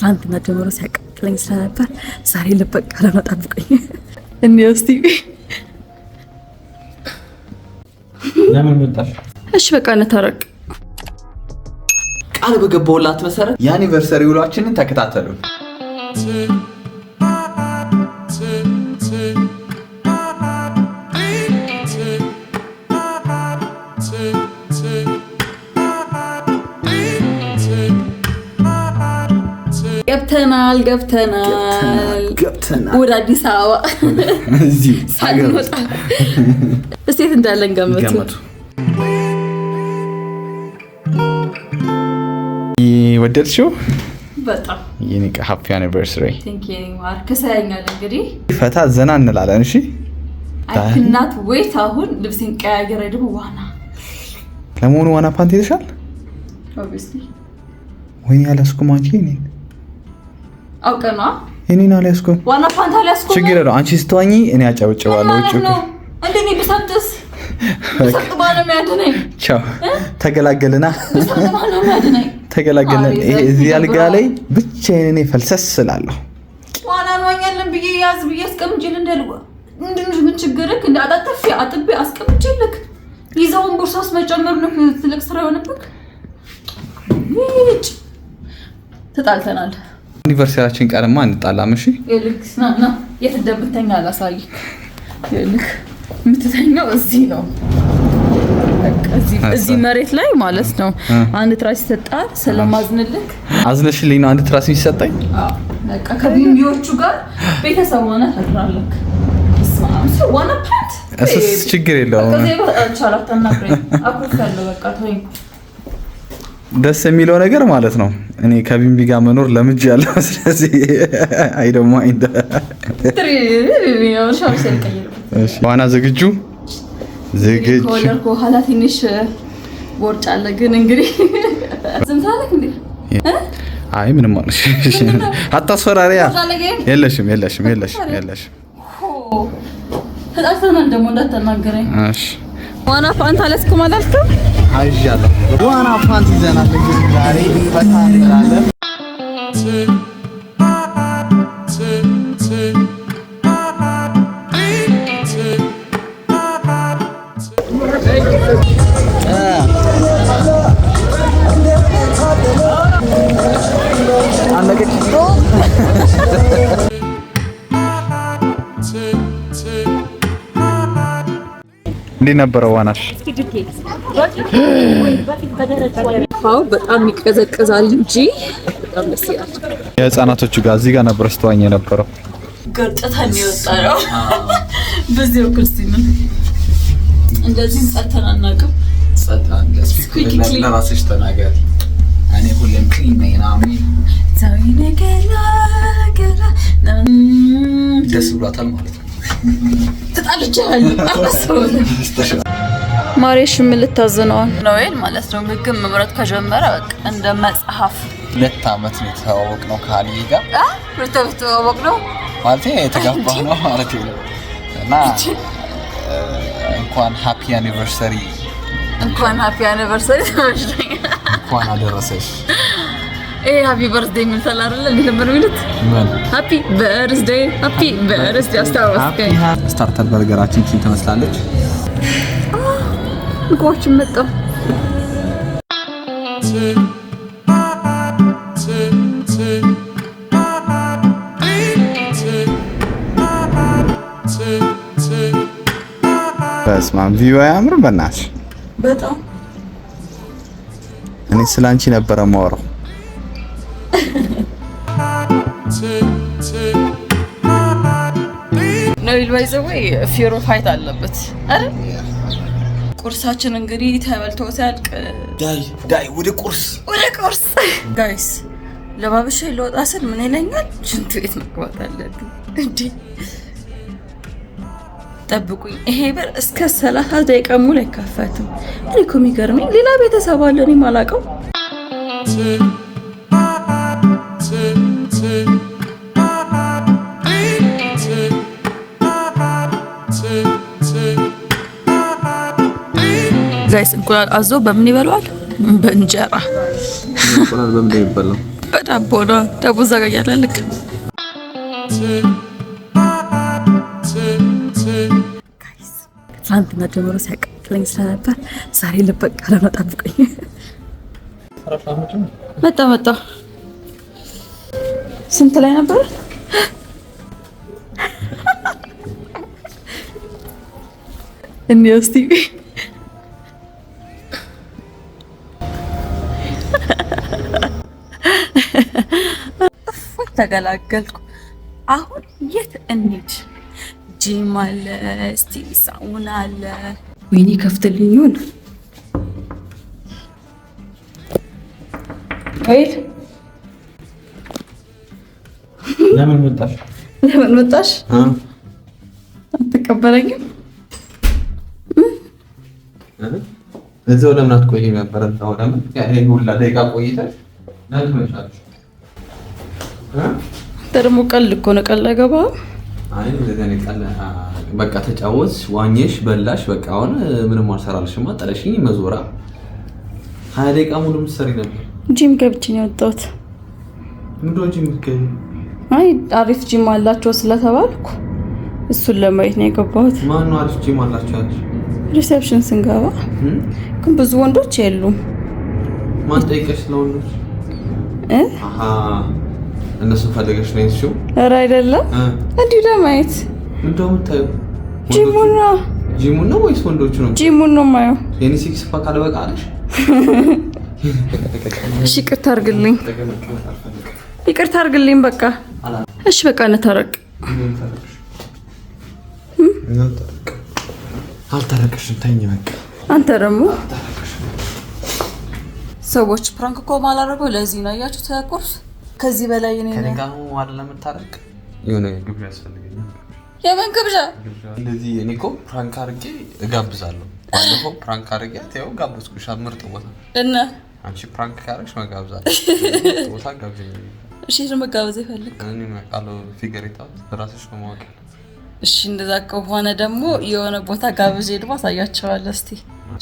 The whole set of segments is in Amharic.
ትናንትና ጀምሮ ሲያቃጥለኝ ስለነበር ዛሬ ልበቃ ለመጣብቀኝ እኔ ውስቲ ለምን መጣሽ? እሺ በቃ እንታረቅ ቃል በገባሁላት መሰረት የአኒቨርሰሪ ውሏችንን ተከታተሉ። ገብተናል ገብተናል ገብተናል ወደ አዲስ አበባ ሳንወጣ እስቴት እንዳለን ገመቱ። ወደድሽው? በጣም ሀፒ አኒቨርሰሪ ክሰኛል። እንግዲህ ፈታ ዘና እንላለን። እሺ እናት ወይት አሁን ልብሴን ቀያየረ ደግሞ ዋና ለመሆኑ ዋና ፓንት ይልሻል? ወይኔ ያለስኩ ማንኪ አውቀና እኔን አልያዝኩም። ዋና ፋንታ አልያዝኩም። ችግር ነው አንቺ ስትዋኚ እኔ አጨብጭባለሁ። ውጭ እንደኔ ብሰጥስ ቻው ተገላገልና ተገላገልን። እዚህ አልጋ ላይ ብቻዬን እኔ ፈልሰስ ስላለሁ ዋና እንዋኛለን ብዬ ያዝ ብዬ አስቀምጬልህ እንዳልኩህ ምን ችግርህ እንደ አጣጥፌ አጥቤ አስቀምጬልህ ይዘውን ቦርሳስ መጨመር ነው ትልቅ ስራ የሆነብህ። ተጣልተናል አኒቨርሰሪያችን ቀርማ እንጣላም። እሺ የት እንደምተኛ አላሳይ። የምትተኛው እዚህ ነው፣ እዚህ መሬት ላይ ማለት ነው። አንድ ትራስ ይሰጣል ስለማዝንልክ። አዝነሽልኝ ነው አንድ ትራስ የሚሰጠኝ። ከቢቢዎቹ ጋር ቤተሰብ ሆነ ፈጥራለክ። ችግር የለውም ደስ የሚለው ነገር ማለት ነው እኔ ከቢንቢ ጋር መኖር ለምጅ ያለ ስለዚህ አይ ደግሞ ዋና ዝግጁ ዝግጁ ኋላ ትንሽ ቦርጭ አለ ግን እንግዲህ አይ ምንም አለሽ አታስፈራሪያ የለሽም የለሽም የለሽም የለሽም ተጣልተናል ደግሞ እንዳትናገረኝ ዋና ፋንታ ለስኩም አላልኩም አይዣለሁ። ዋና ፓንት ይዘናል እንግዲህ ዛሬ ፈታ እንላለን። እንዴት ነበረው ዋናሽ? በጣም ይቀዘቅዛል እንጂ በጣም ደስ ይላል። የህፃናቶቹ ጋር እዚህ ጋር ነበር ስትዋኝ የነበረው ነው። እንደዚህ ጸጥተን አናውቅም። ደስ ብሏታል ማለት ነው ትጣልቻለህ። ማሬሽ የምልታዘነዋል ኖዌል ማለት ነው። ምግብ መብረት ከጀመረ እንደ መጽሐፍ ሁለት ዓመት ነው የተዋወቅነው ከአልዬ ጋር ሁለት ዓመት ማለት የተጋባ ነው ማለት እና እንኳን ሀፒ አኒቨርሰሪ እንኳን ሀፒ አኒቨርሰሪ እንኳን አደረሰሽ ይሄ ሃፒ በርዝዴይ ምን አይደለ እንዴ ነበር የሚሉት? ሃፒ በርዝዴይ ሃፒ በርዝዴይ አስታወስከኝ። ስታርተር በርገራችን ቺ ትመስላለች። ምግባችን መጣ። በስመ አብ ቪው አያምርም? በእናትሽ በጣም እኔ ስላንቺ ነበረ የማወራው ነዊል ባይዘወይ ፋይት አለበት ቁርሳችን እንግዲህ ተበልቶ ሲያልቅ ዳይ ዳይ ወደ ቁርስ ወደ ቁርስ ጋይስ ለወጣ ስል ምን ይለኛል? ሽንት ቤት መግባት አለብኝ። ጠብቁኝ። ይሄ በር እስከ ሰላሳ ደቂቃ ሙሉ አይከፈትም። እኔ እኮ የሚገርመኝ ሌላ ቤተሰብ አለ እኔ ጋይስ እንቁላል አዞ በምን ይበላዋል? በእንጀራ እንቁላል በምን ይበላል? በዳቦ ነው። ዳቦ ዘጋያለ ልክ ጋይስ ጀምሮ ሲያቀጥለኝ ስለነበር ዛሬ ልበቃ ለመጣብቀኝ መጣ መጣ ስንት ላይ ነበር? እንዴ እስቲ ተገላገልኩ። አሁን የት እንሂድ? ጂም አለ፣ ስቲም ሳውና አለ። ወይኔ ከፍትልኝ ይሁን ወይል ለምን መጣሽ? ለምን መጣሽ? አትቀበለኝም? እዚው ለምን አትቆይ ነበር? ሁላ ደቂቃ ቆይተሽ ደግሞ ቀልድ እኮ ነው። ቀልድ አይገባም። በቃ ተጫወት፣ ዋኘሽ፣ በላሽ። በቃ አሁን ምንም አልሰራልሽማ። ጠለሽኝ መዞራ ሀያ ደቂቃ ሙሉ የምትሰሪ ነበር። ጂም ገብቼ ነው የወጣሁት። ምንድን ነው ጂም የምትገቢ? አይ አሪፍ ጂም አላቸው ስለተባልኩ እሱን ለማየት ነው የገባሁት። ማነው አሪፍ ጂም አላቸው ያልኩሽ? ሪሴፕሽን ስንገባ ግን ብዙ ወንዶች የሉም። ማን ጠይቀሽ? ነው ወንዶች? አሃ እነሱ ፈለገሽ ነው እሱ ኧረ አይደለም እንዲሁ ለማየት እንደውም ታዩ ጂሙን ነው ጂሙን ነው ወይስ ወንዶቹ ነው ጂሙን ነው የማየው የኔ ሲክስ ፓክ አልበቃ አለሽ እሺ ይቅርታ አድርግልኝ ይቅርታ አድርግልኝ በቃ እሺ በቃ እንታረቅ አልታረቅሽም ተይኝ በቃ አንተ ደግሞ ሰዎች ፕራንክ እኮ ማላረገው ለዚህ ነው ያያችሁት ቁርስ ከዚህ በላይ እኔ ከእኔ የሆነ ግብዣ ያስፈልገኛል። የምን ግብዣ? እንደዚህ እኔ እኮ ፕራንክ አድርጌ እጋብዛለሁ። ባለፈው ፕራንክ አድርጌ ያው ጋብዝኩሽ፣ ምርጥ ቦታ እና አንቺ ፕራንክ ካደረግሽ መጋብዛለሁ ቦታ ጋብዘኝ። እሺ መጋበዝ ይፈልግ ፊገሬታ ራስሽ ነው ማወቅ እሺ እንደዛ ከሆነ ደግሞ የሆነ ቦታ ጋብዤ ደግሞ አሳያቸዋለሁ። እስቲ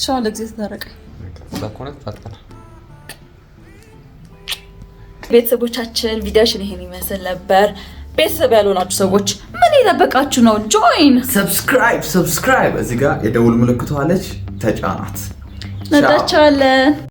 ሸዋ ለጊዜ ተታረቀ ዛ ከሆነ ቤተሰቦቻችን ቪዲዮሽን ይሄን ይመስል ነበር። ቤተሰብ ያልሆናችሁ ሰዎች ምን የጠበቃችሁ ነው? ጆይን፣ ሰብስክራይብ፣ ሰብስክራይብ እዚህ ጋር የደውል ምልክቷለች ተጫናት። ነዳቸዋለን።